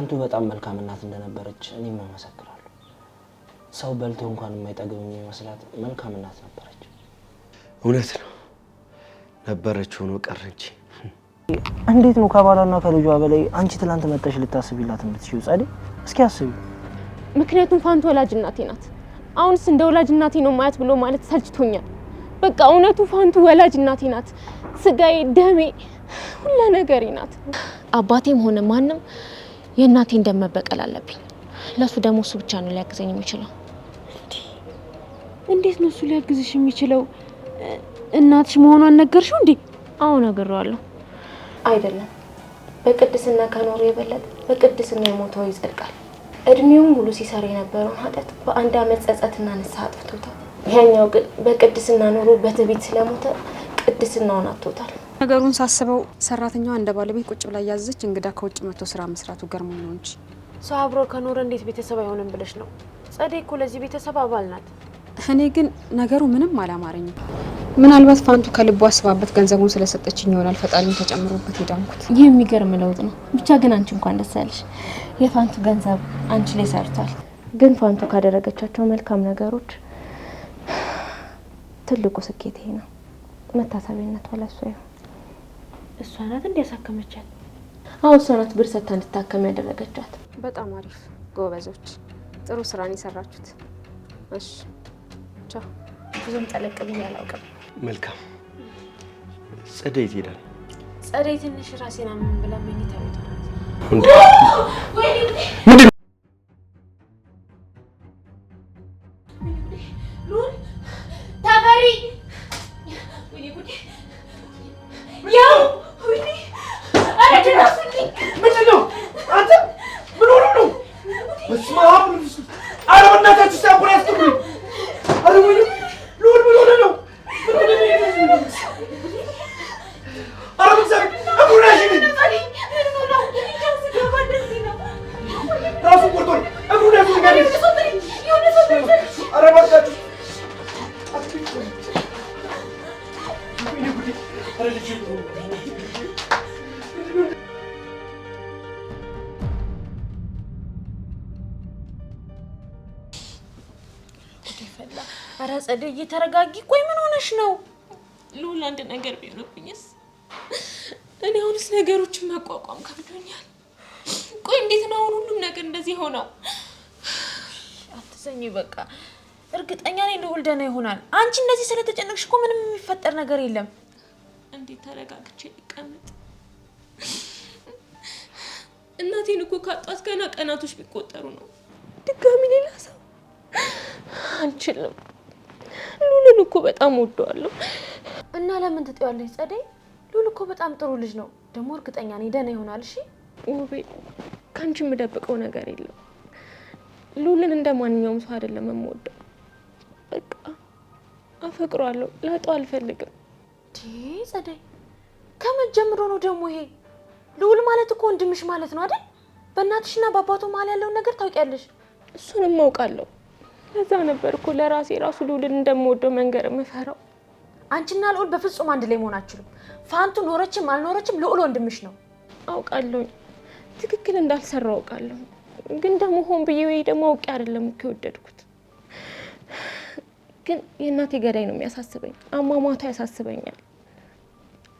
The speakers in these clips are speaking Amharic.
አንቱ በጣም መልካም እናት እንደነበረች እኔም አመሰክራለሁ። ሰው በልቶ እንኳን የማይጠግብ የሚመስላት መልካም እናት ነበረች። እውነት ነው ነበረች፣ ሆኖ ቀረ እንጂ። እንዴት ነው ከባሏና ከልጇ በላይ አንቺ ትላንት መጠሽ ልታስቢላት የምትችይው? ጸዴ እስኪ አስቢ። ምክንያቱም ፋንቱ ወላጅ እናቴ ናት። አሁንስ እንደ ወላጅ እናቴ ነው ማየት ብሎ ማለት ሰልችቶኛል። በቃ እውነቱ ፋንቱ ወላጅ እናቴ ናት። ስጋዬ፣ ደሜ፣ ሁሉ ነገሬ ናት። አባቴም ሆነ ማንም የእናቴ እንደመበቀል አለብኝ። ለሱ ደግሞ እሱ ብቻ ነው ሊያግዘኝ የሚችለው። እንዴት ነው እሱ ሊያግዝሽ የሚችለው? እናትሽ መሆኗን ነገርሽው እንዴ? አዎ ነግሬዋለሁ። አይደለም በቅድስና ከኖሩ የበለጠ በቅድስና የሞተው ይጸድቃል። እድሜውን ሙሉ ሲሰራ የነበረውን ኃጢአት በአንድ ዓመት ጸጸትና ንስሐ አጥፍቶታል። ያኛው ግን በቅድስና ኑሮ በትዕቢት ስለሞተ ቅድስናውን አጥቶታል። ነገሩን ሳስበው ሰራተኛዋ እንደ ባለቤት ቁጭ ብላ እያዘች እንግዳ ከውጭ መጥቶ ስራ መስራቱ ገርሞ ነው እንጂ ሰው አብሮ ከኖረ እንዴት ቤተሰብ አይሆንም ብለሽ ነው? ጸደይ እኮ ለዚህ ቤተሰብ አባል ናት። እኔ ግን ነገሩ ምንም አላማረኝም። ምናልባት ፋንቱ ከልቡ አስባበት ገንዘቡን ስለሰጠችኝ ይሆናል ፈጣሪን ተጨምሮበት የዳንኩት። ይህ የሚገርም ለውጥ ነው። ብቻ ግን አንቺ እንኳን ደስ ያለሽ። የፋንቱ ገንዘብ አንቺ ላይ ሰርቷል። ግን ፋንቱ ካደረገቻቸው መልካም ነገሮች ትልቁ ስኬት ይሄ ነው። መታሰቢያነቷ ለሷ ይሁን። እሷ ናት እንዲያሳከመቻት። አዎ እሷ ናት ብር ሰጥታ እንድታከም ያደረገቻት። በጣም አሪፍ ጎበዞች፣ ጥሩ ስራን የሰራችሁት። እሺ ቻው። ብዙም ጠለቅ ብዬ አላውቅም። መልካም ጸደይ ትሄዳል። ጸደይ ትንሽ ራሴን አመን ብላ ወይኔ ተውጣ ኧረ ፀደይ ተረጋጊ። ቆይ ምን ሆነሽ ነው? ልዑል አንድ ነገር ቢሆንብኝስ? እኔ አሁንስ ነገሮችን መቋቋም ከብዶኛል። ቆይ እንዴት ነው አሁን ሁሉም ነገር እንደዚህ ሆነው? አትዘኝ በቃ እርግጠኛ ነኝ ልዑል ደህና ይሆናል። አንቺ እንደዚህ ስለተጨነቅሽ እኮ ምንም የሚፈጠር ነገር የለም። እንዴት ተረጋግቼ ሊቀመጥ እናቴን እኮ ካጧት ገና ቀናቶች ቢቆጠሩ ነው። ድጋሚ ሌላ ሰው አንችልም። ሉልን እኮ በጣም ወደዋለሁ። እና ለምን ትጠዋለች? ጸደይ ሉል እኮ በጣም ጥሩ ልጅ ነው። ደግሞ እርግጠኛ ነኝ ደህና ይሆናል። እሺ ውቤ፣ ከአንቺ የምደብቀው ነገር የለም። ሉልን እንደ ማንኛውም ሰው አይደለም የምወደው። በቃ አፈቅሯለሁ። ላጣው አልፈልግም። ጸደይ ከመጀምሮ ነው ደግሞ ይሄ ልውል ማለት እኮ ወንድምሽ ማለት ነው አይደል? በእናትሽና በአባቱ መሀል ያለውን ነገር ታውቂያለሽ። እሱንም አውቃለሁ። ለዛ ነበር እኮ ለራሴ ራሱ ልውልን እንደምወደው መንገር የምፈራው። አንቺና ልዑል በፍጹም አንድ ላይ መሆን አችሉም። ፋንቱ ኖረችም አልኖረችም ልዑል ወንድምሽ ነው። አውቃለሁ፣ ትክክል እንዳልሰራ አውቃለሁ። ግን ደግሞ ሆን ብዬ ወይ ደግሞ አውቄ አይደለም እኮ የወደድኩት። ግን የእናቴ ገዳይ ነው የሚያሳስበኝ፣ አሟሟቷ ያሳስበኛል።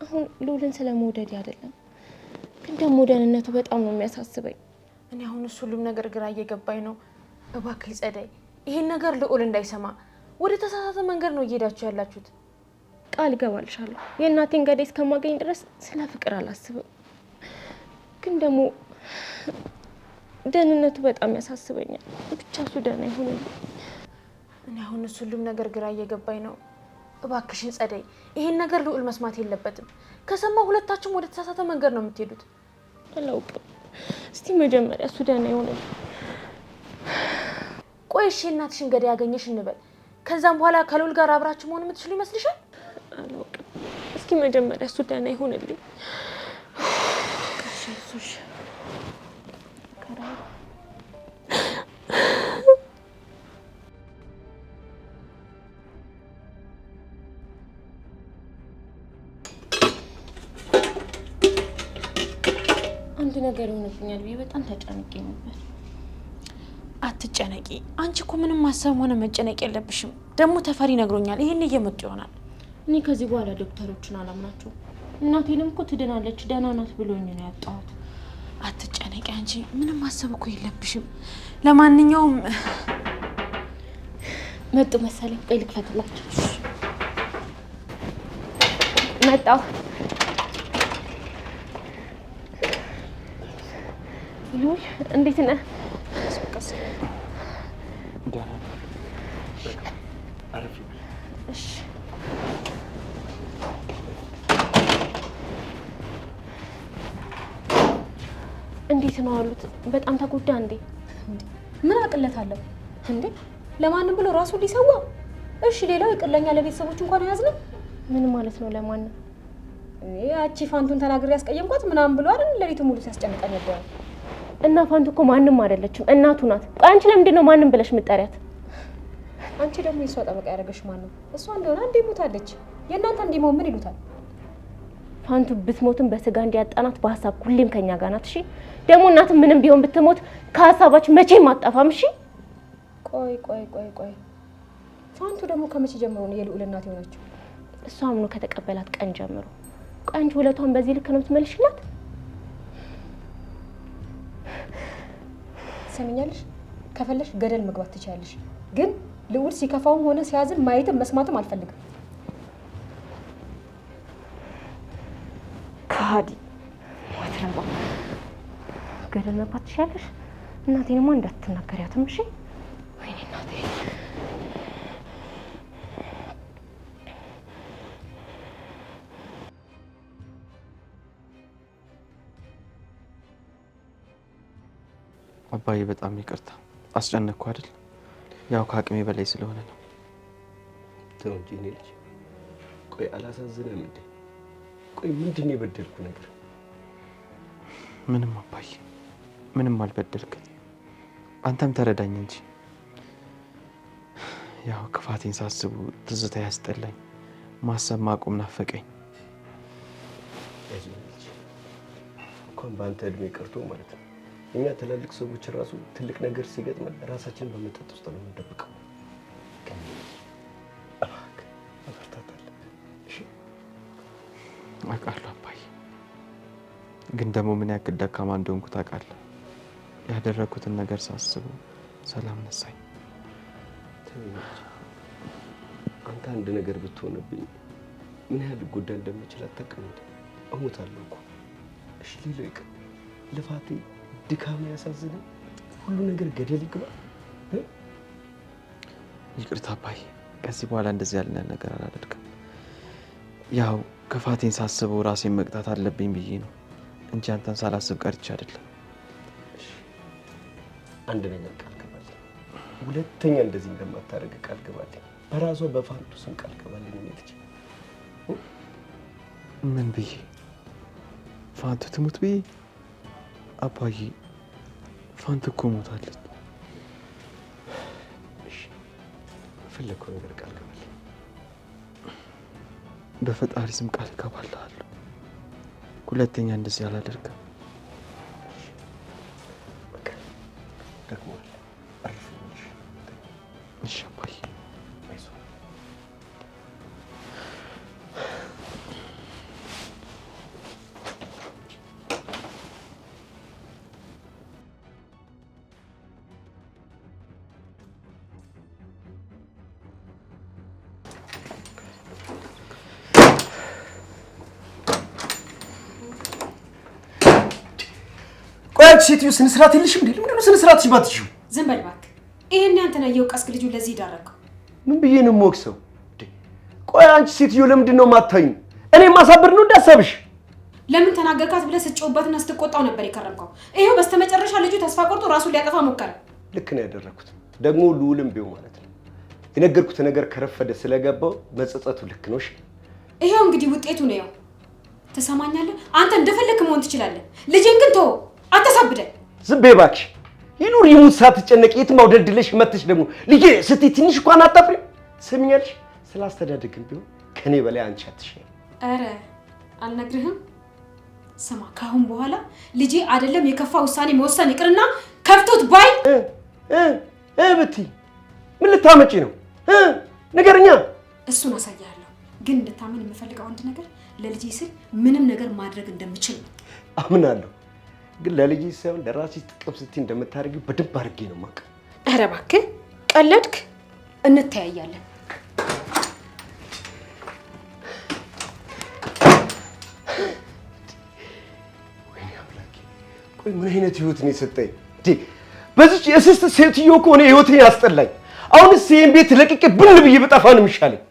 አሁን ልዑልን ስለ መውደድ አይደለም፣ ግን ደግሞ ደህንነቱ በጣም ነው የሚያሳስበኝ። እኔ አሁን እሱ ሁሉም ነገር ግራ እየገባኝ ነው። እባክህ ጸደይ ይሄን ነገር ልዑል እንዳይሰማ ወደ ተሳሳተ መንገድ ነው እየሄዳችሁ ያላችሁት። ቃል እገባልሻለሁ የእናቴን ገዳይ እስከማገኝ ድረስ ስለ ፍቅር አላስብም። ግን ደግሞ ደህንነቱ በጣም ያሳስበኛል። ብቻ እሱ ደህና ይሁን። እኔ አሁን እሱ ሁሉም ነገር ግራ እየገባኝ ነው። እባክሽን ጸደይ፣ ይሄን ነገር ልዑል መስማት የለበትም። ከሰማ ሁለታችሁም ወደ ተሳሳተ መንገድ ነው የምትሄዱት። አላውቅም። እስቲ መጀመሪያ እሱ ደህና ይሁን። ቆይ እሺ እናትሽን ገዳይ ያገኘሽ እንበል። ከዛም በኋላ ከሉል ጋር አብራችሁ መሆን የምትችሉ ይመስልሻል? አላውቅም። እስኪ መጀመሪያ እሱ ደህና ይሆንልኝ። አንድ ነገር ይሆንብኛል ብዬ በጣም ተጨንቄ ነበር። አትጨነቂ። አንቺ እኮ ምንም ማሰብ ሆነ መጨነቅ የለብሽም። ደግሞ ተፈሪ ነግሮኛል፣ ይህን እየመጡ ይሆናል። እኔ ከዚህ በኋላ ዶክተሮችን አላምናቸው። እናቴንም እኮ ትድናለች ደህና ናት ብሎኝ ነው ያጣሁት። አትጨነቂ አንቺ ምንም ማሰብ እኮ የለብሽም። ለማንኛውም መጡ መሰለኝ። ቆይ ልክፈትላቸው። መጣሁ። እንዴት ነህ? እንዴት ነው አሉት? በጣም ተጎዳ እንዴ? ምን አቅለት አለው እንዴ? ለማንም ብሎ ራሱ ሊሰዋ? እሺ ሌላው ይቅርለኛ፣ ለቤተሰቦች እንኳን አያዝንም። ምን ማለት ነው ለማንም? ያቺ ፋንቱን ተናግሬ ያስቀየምኳት ምናምን ብሎ አይደል? ለሊቱ ሙሉ ሲያስጨንቀኝ ነበር። እና ፋንቱ እኮ ማንም አይደለችም፣ እናቱ ናት። አንቺ ለምንድን ነው ማንም ብለሽ የምጠሪያት አንቺ ደግሞ የሷ ጠበቃ ያደረገሽ ማን ነው? እሷ እንደሆነ እንዴ ሞታለች። የእናንተ እንዲሞ ምን ይሉታል? ፋንቱ ብትሞትም በስጋ እንዲያጣናት በሀሳብ ሁሌም ከኛ ጋር ናት። እሺ ደግሞ እናት ምንም ቢሆን ብትሞት ከሀሳባች መቼም አጣፋም። እሺ ቆይ ቆይ ቆይ ቆይ ፋንቱ ደግሞ ከመቼ ጀምሮ ነው የልዑል እናት የሆነችው? እሷ አምኖ ከተቀበላት ቀን ጀምሮ። ቆይ አንቺ ውለቷን በዚህ ልክ ነው የምትመልሽላት? ትሰሚኛለሽ? ከፈለሽ ገደል መግባት ትችያለሽ። ግን ልዑል ሲከፋውም ሆነ ሲያዝን ማየትም መስማትም አልፈልግም። ከሀዲ ወትረባ ገደል መግባት ትችያለሽ። እናቴንማ እንዳትናገሪያትም እሺ አባዬ በጣም ይቅርታ አስጨነቅኩ አይደል? ያው ከአቅሜ በላይ ስለሆነ ነው። ተው እንጂ እኔ ልጅ። ቆይ አላሳዝነም እንዴ? ቆይ ምንድን የበደልኩ ነገር? ምንም አባዬ፣ ምንም አልበደልክም። አንተም ተረዳኝ እንጂ ያው ክፋቴን ሳስቡ ትዝታ ያስጠላኝ፣ ማሰብ ማቆም ናፈቀኝ። እንኳን በአንተ እድሜ ቀርቶ ማለት ነው እኛ ትላልቅ ሰዎች ራሱ ትልቅ ነገር ሲገጥመ ራሳችን በመጠጥ ውስጥ ነው የምንደብቀው። አውቃለሁ አባዬ፣ ግን ደግሞ ምን ያክል ደካማ እንደሆንኩ ታውቃለህ። ያደረግኩትን ነገር ሳስበው ሰላም ነሳኝ። አንተ አንድ ነገር ብትሆንብኝ ምን ያህል ጎዳ እንደምችል አታውቅም። እሞታለሁ እኮ እሺ፣ ሌላው ይቅር ልፋቴ ድካም ያሳዝነ ሁሉ ነገር ገደል ይግባ። ይቅርታ አባይ፣ ከዚህ በኋላ እንደዚህ ያለ ነገር አላደርግም። ያው ክፋቴን ሳስበው ራሴን መቅጣት አለብኝ ብዬ ነው እንጂ አንተን ሳላስብ ቀርቼ አይደለም። አንድ ነገር ቃል ግባልኝ፣ ሁለተኛ እንደዚህ እንደማታደርግ ቃል ግባልኝ። በራሷ በፋንቱ ስም ቃል ግባልኝ። ሜትች ምን ብዬ ፋንቱ ትሙት ብዬ አባዬ ፋንት እኮ ሞታለች። የፈለግከው ነገር ቃል ገባልኝ። በፈጣሪ ስም ቃል ገባልሃለሁ። ሁለተኛ እንደዚህ አላደርግም። አንቺ ሴትዮ ስነ ስርዓት የለሽም እንዴ? ምንድነው ስነ ስርዓትሽ? ባትሽው ዝም በል እባክህ። ይሄን ያንተን እየወቀስክ ልጁ ለዚህ ዳረከው። ምን ብዬ ነው የምወቅሰው? ቆይ አንቺ ሴትዮ ለምንድን ነው የማታዩ? እኔ ማሳብር ነው እንዳሰብሽ? ለምን ተናገርካት ብለህ ስትጮህበትና ስትቆጣው ነበር የከረምከው። ይሄው በስተመጨረሻ ልጁ ተስፋ ቆርጦ ራሱን ሊያጠፋ ሞከረ። ልክ ነው ያደረኩት፣ ደግሞ ልውልም ቢሆን ማለት ነው የነገርኩት ነገር ከረፈደ ስለገባው መጸጸቱ ልክ ነው። እሺ ይሄው እንግዲህ ውጤቱ ነው። ያው ትሰማኛለህ፣ አንተ እንደፈለክ መሆን ትችላለህ፣ ልጄን ግን ተወው። አታሳብደን። ዝም በይ እባክሽ። ይኑር ይሙት ሳትጨነቂ የትም አውደልድለሽ መጥተሽ ደግሞ ልጄ ስትይ ትንሽ እንኳን አታፍሪም? ስሚኛለሽ፣ ስላስተዳደግን ቢሆን ከኔ በላይ አንቺ አትሻይም። ኧረ አልነግርህም። ስማ፣ ከአሁን በኋላ ልጄ አይደለም የከፋ ውሳኔ መወሰን ይቅርና ከፍቶት ባይ እ ምን ልታመጪ ነው ንገርኛ። እሱን አሳያለሁ፣ ግን እንድታምን የምፈልገው አንድ ነገር፣ ለልጄ ስል ምንም ነገር ማድረግ እንደምችል አምናለሁ። ግን ለልጅ ሳይሆን ለራሴ ጥቅም ስትይ እንደምታደርጊ በደንብ አድርጌ ነው የማውቀው። ኧረ እባክህ ቀለድክ። እንተያያለን። ወይኔ አምላኬ! ቆይ ምን አይነት ህይወት ነው የሰጠኝ? በዚች የስስት ሴትዮ ከሆነ ህይወትን ያስጠላኝ። አሁንስ ይህን ቤት ለቅቄ ብን ብዬ በጠፋ ነው የሚሻለኝ።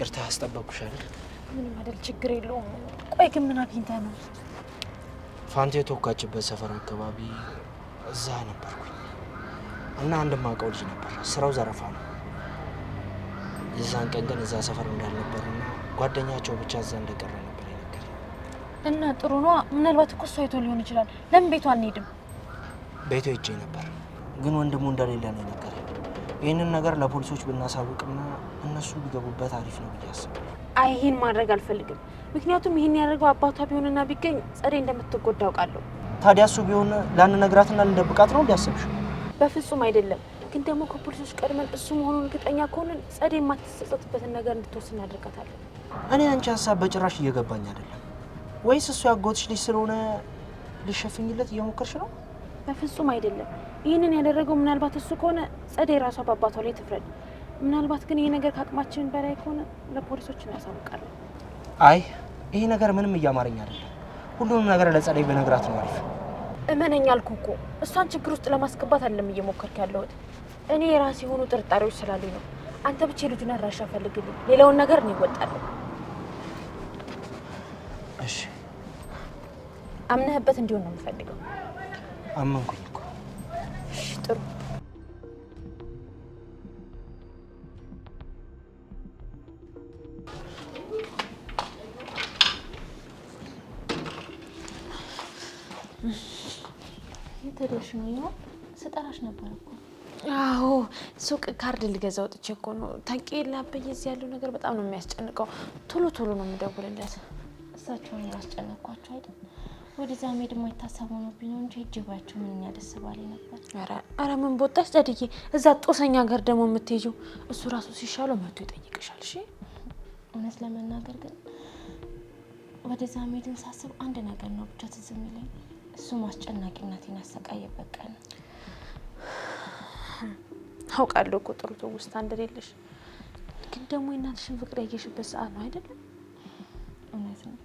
ይቅርታ አስጠበቅኩሻል። ምንም አይደል፣ ችግር የለውም። ቆይ ግን ምን አግኝተህ ነው? ፋንቴ የተወካችበት ሰፈር አካባቢ እዛ ነበርኩኝ እና አንድ ማውቀው ልጅ ነበር። ስራው ዘረፋ ነው። የዛን ቀን ግን እዛ ሰፈር እንዳልነበር ጓደኛቸው ብቻ እዛ እንደቀረ ነበር የነገረኝ። እና ጥሩ ነዋ። ምናልባት እኮ እሱ አይቶ ሊሆን ይችላል። ለምን ቤቷ አንሄድም? ቤቷ ሄጄ ነበር፣ ግን ወንድሙ እንደሌለ ነው ይህንን ነገር ለፖሊሶች ብናሳውቅና እነሱ ቢገቡበት አሪፍ ነው ብዬ አስባለሁ። አይ ይህን ማድረግ አልፈልግም። ምክንያቱም ይህን ያደረገው አባቷ ቢሆንና ቢገኝ ጸዴ እንደምትጎዳ አውቃለሁ። ታዲያ እሱ ቢሆን ላንነግራትና ልንደብቃት ነው ቢያሰብሽ? በፍጹም አይደለም። ግን ደግሞ ከፖሊሶች ቀድመን እሱ መሆኑን እርግጠኛ ከሆንን ጸዴ የማትሰጸትበትን ነገር እንድትወስድ እናደርጋታለን። እኔ አንቺ ሀሳብ በጭራሽ እየገባኝ አይደለም። ወይስ እሱ ያጎትሽ ልጅ ስለሆነ ልሸፍኝለት እየሞከርሽ ነው? በፍጹም አይደለም። ይህንን ያደረገው ምናልባት እሱ ከሆነ ጸደይ ራሷ በአባቷ ላይ ትፍረድ። ምናልባት ግን ይህ ነገር ከአቅማችን በላይ ከሆነ ለፖሊሶች እናሳውቃለን። አይ ይህ ነገር ምንም እያማረኝ አይደለም። ሁሉንም ነገር ለጸደይ በነግራት ነው አሪፍ። እመነኝ አልኩ እኮ እሷን ችግር ውስጥ ለማስገባት አይደለም እየሞከርክ ያለሁት። እኔ የራሴ የሆኑ ጥርጣሬዎች ስላሉኝ ነው። አንተ ብቻ የልጁን አድራሻ ፈልግልኝ፣ ሌላውን ነገር እኔ እወጣለሁ። እሺ አምነህበት እንዲሆን ነው የምፈልገው። አመንኩኝ። ጥሩ የተደሽ ነው ይሆን? ስጠራሽ ነበር እኮ። አዎ ሱቅ ካርድ ልገዛ ወጥቼ እኮ ነው። ታውቂ ላበ አበይ እዚህ ያለው ነገር በጣም ነው የሚያስጨንቀው። ቶሎ ቶሎ ነው የምደውልለት። እሳቸውን ያስጨነቅኳቸው አይደል? ወደዛ ሜድ ሞ የታሰበ ነው እንጂ እጅባችሁ ምንኛ ደስ ባለ ነበር። አረ ምን ቦጣሽ ጸድዬ፣ እዛ ጦሰኛ ሀገር ደግሞ የምትሄጂው እሱ ራሱ ሲሻለው መቶ ይጠይቅሻል። እሺ እውነት ለመናገር ግን ወደዛ ሜድን ሳስብ አንድ ነገር ነው ብቻ ትዝ የሚለኝ እሱም አስጨናቂነቴን ያሰቃየበት ቀን ነው። አውቃለሁ እኮ ትውስታ እንደሌለሽ፣ ግን ደግሞ የእናትሽን ፍቅር ያየሽበት ሰዓት ነው አይደለም? እውነት ነው።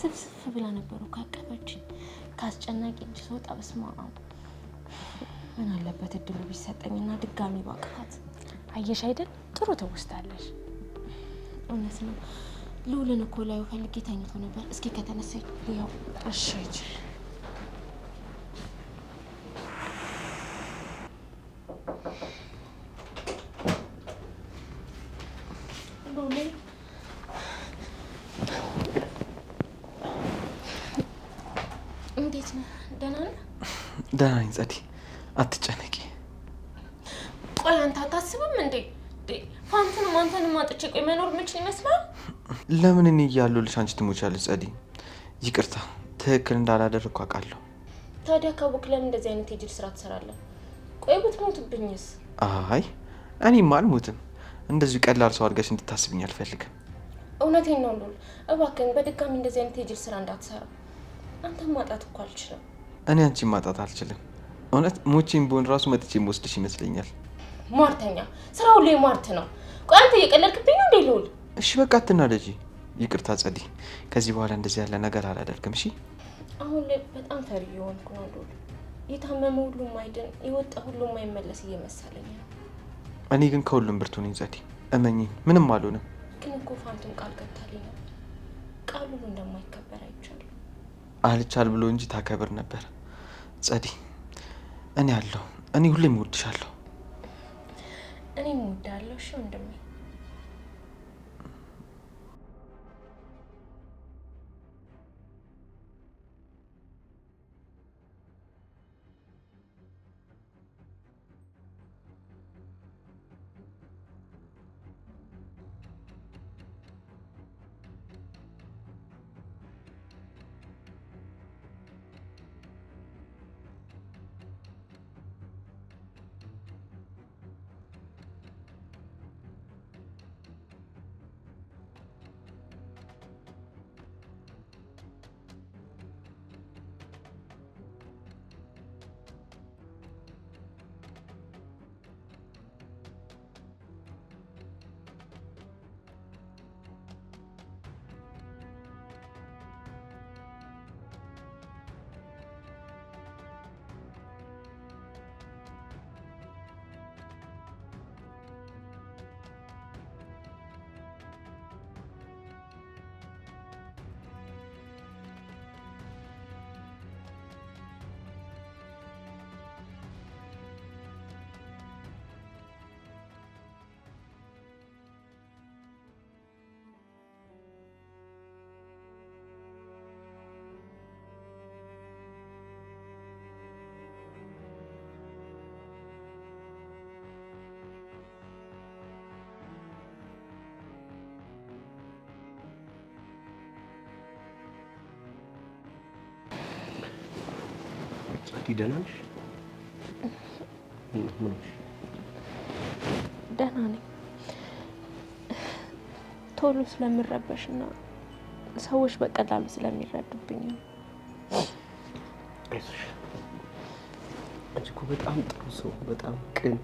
ስብስብ ብላ ነበሩ ካቀፈችኝ ከአስጨናቂ እጅ ስወጣ በስማ ምን አለበት እድሉ ቢሰጠኝና ድጋሚ ባቅፋት። አየሽ አይደል ጥሩ ትውስታለሽ። እውነት ነው። ልውልን እኮ ላዩ ፈልጌ ተኝቶ ነበር። እስኪ ከተነሳ ያው እሺ ጸዴ፣ አትጨነቂ። ቆይ አንተ አታስብም እንዴ? ፋንቱንም ማንተን አጥቼ ቆይ መኖር ምችል ይመስላል? ለምን እኔ እያለሁልሽ አንቺ ትሞቻለሽ ጸዲ፣ ይቅርታ ትክክል እንዳላደረግኩ አውቃለሁ። ታዲያ ካወቅክ ለምን እንደዚህ አይነት የጅል ስራ ትሰራለህ? ቆይ ብትሞትብኝስ? አይ እኔማ አልሞትም። እንደዚሁ ቀላል ሰው አድርገሽ እንድታስብኝ አልፈልግም። እውነቴን ነው ሉል፣ እባክህን በድጋሚ እንደዚህ አይነት የጅል ስራ እንዳትሰራ። አንተም ማጣት እኮ አልችልም። እኔ አንቺ ማጣት አልችልም። እውነት ሙቺን በሆን ራሱ መጥቼ ወስድሽ ይመስለኛል። ሟርተኛ ስራ ሁሉ የሟርት ነው። ቆይ አንተ እየቀለድክብኝ ነው እንዴ ልውል? እሺ በቃ አትናደጂ። ይቅርታ ጸዲ፣ ከዚህ በኋላ እንደዚህ ያለ ነገር አላደርግም። እሺ አሁን ላይ በጣም ፈሪ የሆንኩ ነው ልውል። የታመመ ሁሉ ማይድን የወጣ ሁሉ ማይመለስ እየመሰለኝ ነው። እኔ ግን ከሁሉም ብርቱ ነኝ ጸዲ፣ እመኚ ምንም አልሆንም። ግን እኮ ፋንቱን ቃል ገብታልኝ ነው ቃሉን እንደማይከበር አይቻልም። አልቻል ብሎ እንጂ ታከብር ነበር ጸዲ። እኔ አለሁ። እኔ ሁሌም እወድሻለሁ። እኔም እወድሃለሁ። እሺ ወንድሜ እስቲ ደህና ነሽ? ደህና ነኝ። ቶሎ ስለምረበሽ እና ሰዎች በቀላሉ ስለሚረዱብኝ ነው። አንቺ እኮ በጣም ጥሩ ሰው፣ በጣም ቅን፣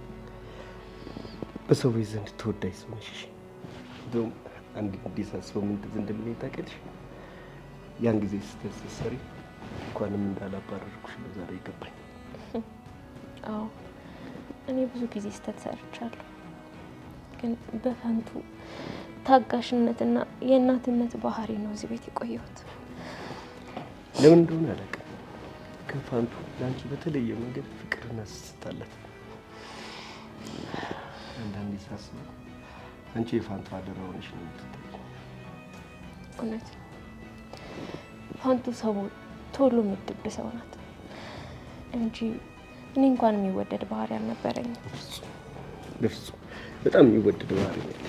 በሰዎች ዘንድ ተወዳጅ ሰው ነሽ። እንደውም አንድ እንዲሳስበው ምን ትዝ እንደሚለኝ ታውቂያለሽ? ያን ጊዜ ስትሰሪ እንኳንም እንዳላባረርኩሽ ነው ዛሬ ይገባኝ። አዎ እኔ ብዙ ጊዜ ስህተት ሰርቻለሁ፣ ግን በፈንቱ ታጋሽነትና የእናትነት ባህሪ ነው እዚህ ቤት የቆየሁት። ለምን እንደሆነ አላውቅም፣ ግን ፋንቱ ለአንቺ በተለየ መንገድ ፍቅርና ስስት አንዳንድ አንዳንዴ ሳስበው አንቺ የፋንቱ አደራ ሆነሽ ነው የምትታይ። እውነት ፋንቱ ሰው ቶሎ ምድብ ሰው ናት እንጂ እኔ እንኳን የሚወደድ ባህሪ አልነበረኝም። በፍጹም በጣም የሚወደድ ባህሪ ያለሽ፣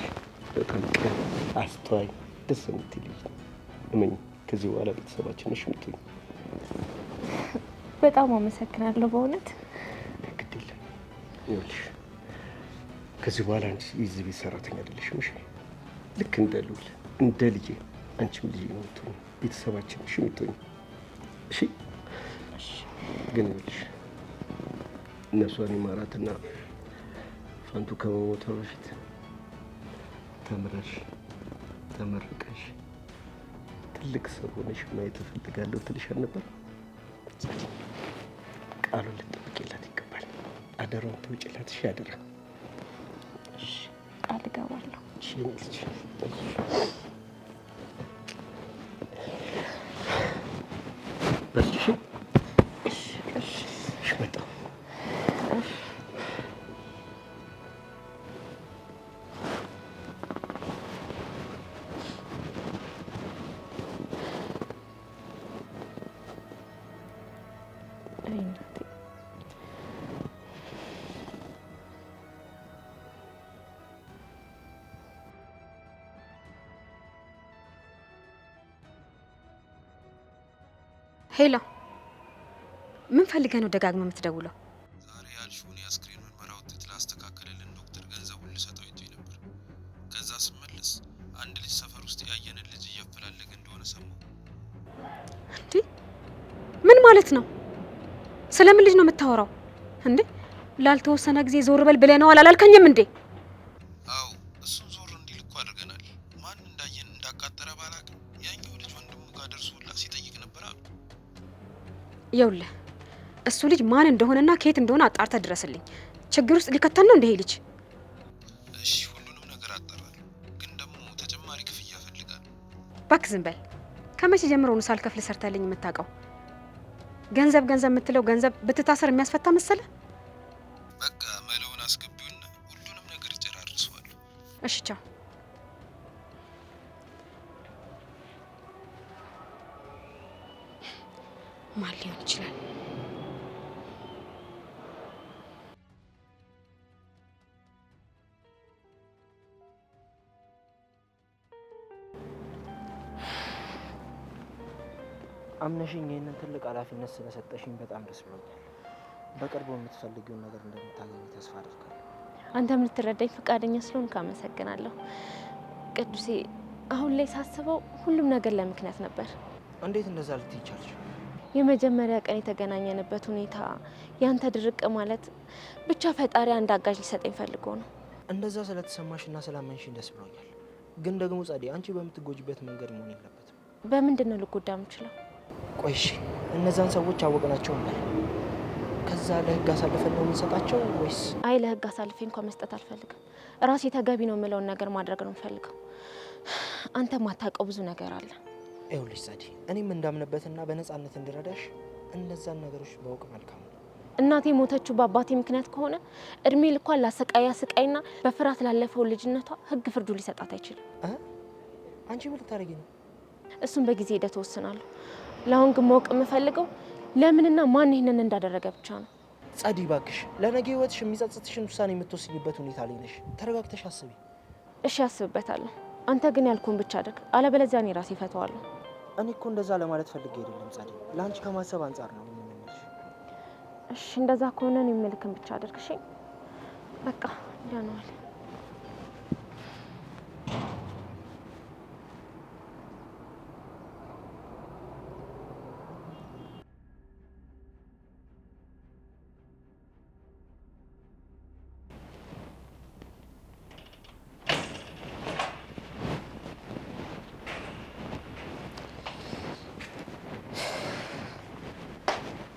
በጣም ቅን፣ አስተዋይ፣ ደስ የምትል እመኝ። ከዚህ በኋላ ቤተሰባችን ነሽ የምትሆኝ። በጣም አመሰግናለሁ በእውነት ግድ የለም። ይኸውልሽ ከዚህ በኋላ አንቺ የዚህ ቤት ሰራተኛ አይደለሽም። እሺ ልክ እንደ ልውል እንደ ልጄ አንቺም ልጄ ነው የምትሆኝ፣ ቤተሰባችን ነሽ የምትሆኝ እሺ ግን ይኸውልሽ እነሷን ይማራትና ፋንቱ ከመሞቷ በፊት ተምረሽ ተመርቀሽ ትልቅ ሰው ሆነሽ ማየት እፈልጋለሁ ትልሻል ነበር። ቃሉን ልጠብቅላት ይገባል። አደራውን ተውጭላት። እሺ አደራ ቃል እገባለሁ። ፈልገ ነው ደጋግመ የምትደውለው? ዛሬ ያልሽውን የአስክሬን ምርመራ ውጤት ላስተካከለልን ዶክተር ገንዘቡን ልሰጠው ይቶ ነበር። ከዛ ስመለስ አንድ ልጅ ሰፈር ውስጥ ያየንን ልጅ እያፈላለገ እንደሆነ ሰማሁ። እንዴ ምን ማለት ነው? ስለምን ልጅ ነው የምታወራው? እንዴ ላልተወሰነ ጊዜ ዞር በል ብለነዋል አላልከኝም እንዴ? አዎ እሱን ዞር እንዲል እኮ አድርገናል። ማን እንዳየን እንዳቃጠረ ባላቅ ያኛው ልጅ ወንድሙ ጋር ደርሶ ሁላ ሲጠይቅ ነበር አሉ። ይኸውልህ እሱ ልጅ ማን እንደሆነና ከየት እንደሆነ አጣርተ ድረስልኝ። ችግር ውስጥ ሊከተል ነው እንደሄ ልጅ። እሺ ሁሉንም ነገር አጣራለሁ፣ ግን ደግሞ ተጨማሪ ክፍያ እፈልጋለሁ። እባክህ ዝም በል። ከመቼ ጀምሮ ነው ሳልከፍል ሰርተልኝ የምታውቀው? ገንዘብ ገንዘብ የምትለው ገንዘብ ብትታሰር የሚያስፈታ መሰለ? በቃ መለውን አስገቢውና ሁሉንም ነገር እጨራርሰዋለሁ። እሺ ቻው። አምነሽኝ ይህንን ትልቅ ኃላፊነት ስለሰጠሽኝ በጣም ደስ ብሎኛል። በቅርቡ የምትፈልጊውን ነገር እንደምታገኝ ተስፋ አድርጋለሁ። አንተ የምትረዳኝ ፈቃደኛ ስለሆንክ አመሰግናለሁ ቅዱሴ። አሁን ላይ ሳስበው ሁሉም ነገር ለምክንያት ነበር። እንዴት እንደዛ ልትይ ቻልሽ? የመጀመሪያ ቀን የተገናኘንበት ሁኔታ፣ ያንተ ድርቅ ማለት፣ ብቻ ፈጣሪ አንድ አጋዥ ሊሰጠኝ ፈልጎ ነው። እንደዛ ስለተሰማሽና ስላመንሽኝ ደስ ብሎኛል። ግን ደግሞ ጸዴ፣ አንቺ በምትጎጅበት መንገድ መሆን የለበትም። በምንድን ነው ልጎዳ ምችለው? ቆይሽ እነዛን ሰዎች አወቅናቸው እንበል፣ ከዛ ለህግ አሳልፈን ነው የምንሰጣቸው ወይስ? አይ ለህግ አሳልፌ እንኳ መስጠት አልፈልግም። ራሴ ተገቢ ነው የምለውን ነገር ማድረግ ነው የምፈልገው። አንተ ማታውቀው ብዙ ነገር አለ። ይኸውልሽ ጸዴ፣ እኔም እንዳምንበትና በነፃነት እንድረዳሽ እነዛን ነገሮች በውቅ መልካም ነው። እናቴ ሞተችው በአባቴ ምክንያት ከሆነ እድሜ ልኳን ላሰቃያ ስቃይና በፍርሃት ላለፈው ልጅነቷ ህግ ፍርዱ ሊሰጣት አይችልም። አንቺ ምን ልታደርጊ ነው? እሱም በጊዜ ሂደት ወስናለሁ። ለአሁን ግን ማወቅ የምፈልገው ለምንና ማን ይህንን እንዳደረገ ብቻ ነው። ጸዲ፣ ባክሽ፣ ለነገ ህይወትሽ የሚጸጽትሽን ውሳኔ የምትወስኝበት ሁኔታ ላይ ነሽ። ተረጋግተሽ አስቢ። እሺ፣ አስብበታለሁ። አንተ ግን ያልኩን ብቻ አድርግ፣ አለበለዚያ እኔ ራሴ እፈተዋለሁ። እኔ እኮ እንደዛ ለማለት ፈልጌ አይደለም ጸዲ፣ ለአንቺ ከማሰብ አንጻር ነው። እሺ፣ እንደዛ ከሆነ እኔ የምልክን ብቻ አድርግ። እሺ፣ በቃ ደህና ዋል።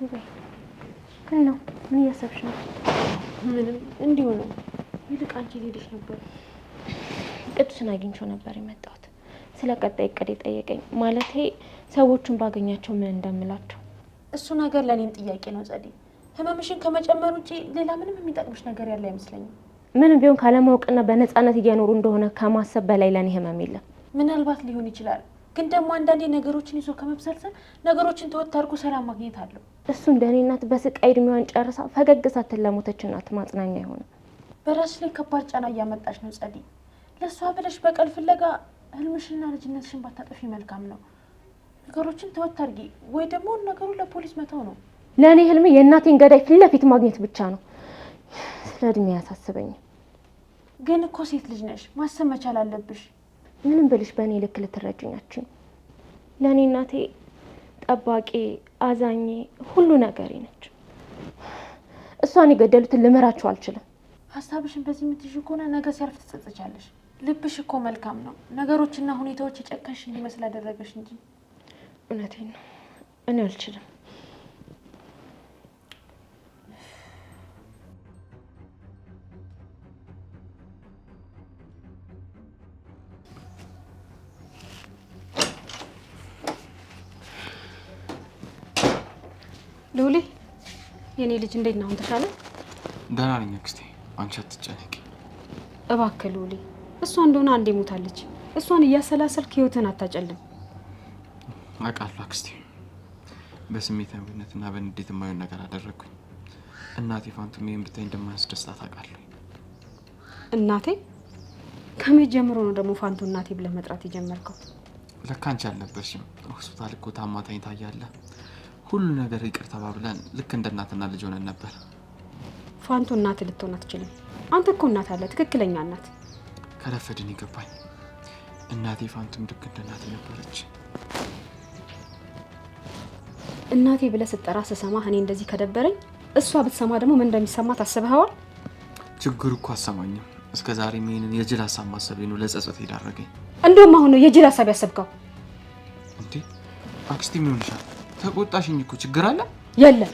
ይበይ። ምን ነው ምን እያሰብሽ ነው? ምንም እንዲሁ ነው። ይልቅ አንቺ ሄደሽ ነበር። ቅዱስን አግኝቼው ነበር የመጣሁት። ስለ ቀጣይ እቅድ የጠየቀኝ ማለት ሰዎቹን ባገኛቸው ምን እንደምላቸው እሱ ነገር ለእኔም ጥያቄ ነው። ጸዴ ህመምሽን ከመጨመር ውጪ ሌላ ምንም የሚጠቅምሽ ነገር ያለ አይመስለኝም። ምንም ቢሆን ካለማወቅና በነፃነት እየኖሩ እንደሆነ ከማሰብ በላይ ለእኔ ህመም የለም። ምናልባት ሊሆን ይችላል ግን ደግሞ አንዳንዴ ነገሮችን ይዞ ከመብሰልሰል ነገሮችን ተወት አድርጎ ሰላም ማግኘት አለው። እሱ እንደ እኔ እናት በስቃይ እድሜዋን ጨርሳ ፈገግ ሳትል ለሞተች እናት ማጽናኛ አይሆንም። በራስሽ ላይ ከባድ ጫና እያመጣች ነው ጸዲ። ለእሷ ብለሽ በቀል ፍለጋ ህልምሽና ልጅነትሽን ባታጠፊ መልካም ነው። ነገሮችን ተወት ወይ ደግሞ ነገሩ ለፖሊስ መተው ነው። ለእኔ ህልሜ የእናቴን ገዳይ ፊት ለፊት ማግኘት ብቻ ነው። ስለ እድሜ ያሳስበኝ። ግን እኮ ሴት ልጅ ነሽ፣ ማሰብ መቻል አለብሽ። ምንም ብልሽ በእኔ ልክ ልትረጅኛችን ለእኔ እናቴ ጠባቂ፣ አዛኜ፣ ሁሉ ነገሬ ነች። እሷን የገደሉትን ልምራቸው አልችልም። ሀሳብሽን በዚህ የምትይዥ ከሆነ ነገ ሲያልፍ ትጸጸቻለሽ። ልብሽ እኮ መልካም ነው። ነገሮችና ሁኔታዎች የጨከንሽ እንዲመስል አደረገሽ እንጂ እውነቴን ነው። እኔ አልችልም። ልውሌ የኔ ልጅ እንዴት ነው? አሁን ተሻለ? ደህና ነኝ አክስቴ፣ አንቺ አትጨነቂ። እባክህ ልውሌ፣ እሷ እንደሆነ አንዴ ሞታለች። እሷን እያሰላሰልክ ህይወትን አታጨልም። አውቃለሁ አክስቴ፣ በስሜታዊነትና በንዴት የማይሆን ነገር አደረግኩኝ። እናቴ ፋንቱም ይህን ብታይ እንደማያስደስታት አውቃለሁ። እናቴ ከመቼ ጀምሮ ነው ደግሞ ፋንቱ እናቴ ብለህ መጥራት የጀመርከው? ለካ አንቺ አልነበርሽም። ሆስፒታል እኮ ታማ ታኝታያለህ ሁሉ ነገር ይቅር ተባብለን ልክ እንደ እናትና ልጅ ሆነን ነበር። ፋንቶ እናት ልትሆን አትችልም። አንተ እኮ እናት አለ፣ ትክክለኛ እናት። ከረፈድን ይገባኝ። እናቴ ፋንቱም ልክ እንደ እናቴ ነበረች። እናቴ ብለህ ስጠራ ስሰማ እኔ እንደዚህ ከደበረኝ፣ እሷ ብትሰማ ደግሞ ምን እንደሚሰማ ታስበኸዋል? ችግሩ እኮ አሰማኝም። እስከ ዛሬም ይህንን የጅል ሀሳብ ማሰቤ ነው ለጸጸት የዳረገኝ። እንደውም አሁን ነው የጅል ሀሳብ ያሰብከው እንዴ? አክስቲ ምን ይሆንሻል? ተቆጣሽኝ እኮ ችግር አለ? የለም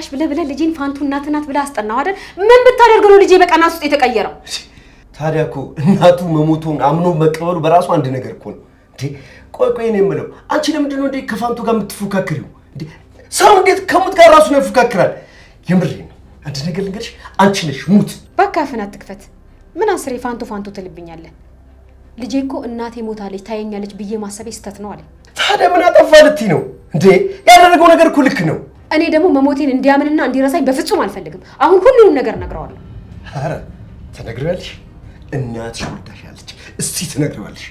ጭራሽ ብለህ ብለህ ልጄን ፋንቱ እናት ናት ብለህ አስጠናው አይደል? ምን ብታደርግ ነው ልጄ በቀናት ውስጥ የተቀየረው? ታዲያ እኮ እናቱ መሞቱን አምኖ መቀበሉ በራሱ አንድ ነገር እኮ ነው። ቆይ ቆይ፣ እኔ የምለው አንቺ ለምንድን ነው እንዴ ከፋንቱ ጋር የምትፎካክሪው? ሰው እንዴት ከሙት ጋር ራሱ ነው ይፎካክራል? የምሬ ነው። አንድ ነገር ልንገርሽ፣ አንቺ ነሽ ሙት። እባክህ አፍህን አትክፈት። ምን አስሬ ፋንቱ ፋንቱ ትልብኛለህ? ልጄ እኮ እናቴ ሞታለች ታየኛለች ብዬ ማሰቤ ስህተት ነው አለ። ታዲያ ምን አጠፋ ልትይ ነው እንዴ? ያደረገው ነገር እኮ ልክ ነው። እኔ ደግሞ መሞቴን እንዲያምንና እንዲረሳኝ በፍጹም አልፈልግም። አሁን ሁሉንም ነገር እነግረዋለሁ። ኧረ ትነግሪዋለሽ፣ እናትሽ ወልዳሻለች። እስቲ ትነግሪዋለሽ።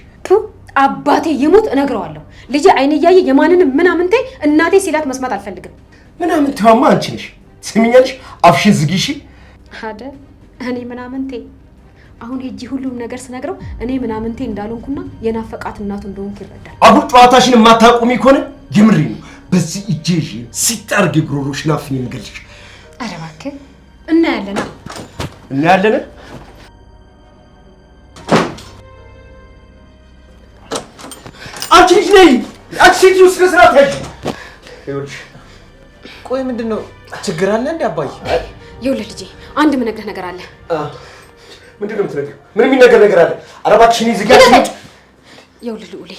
አባቴ ይሙት እነግረዋለሁ። ልጄ አይን እያየ የማንንም ምናምንቴ እናቴ ሲላት መስማት አልፈልግም። ምናምንቴዋማ አንቺ ነሽ። ትሰሚኛለሽ? አፍሽን ዝጊሽ። አደ እኔ ምናምንቴ አሁን ሄጂ ሁሉም ነገር ስነግረው እኔ ምናምንቴ እንዳልሆንኩና የናፈቃት እናቱ እንደሆንኩ ይረዳል። አሁን ጨዋታሽን የማታቆሚ ከሆነ የምሬ ነው በዚህ እጄ ሲጣርግ ጉሮሮሽን አፍኜ እንገልሽ። ኧረ እባክህ እናያለን እናያለን። አንቺ ልጅ ነይ፣ አንቺ ሴት ልጅ ስነ ስርዓት ያዥ። ቆይ ምንድን ነው ችግር አለ እንዴ? አባዬ ይኸውልህ ልጄ፣ አንድ የምነግርህ ነገር አለ። ምንድን ነው የምትነግሪው? ምን የሚነገር ነገር አለ? ኧረ እባክሽ ዝጋ። ይኸውልህ ልዑሌ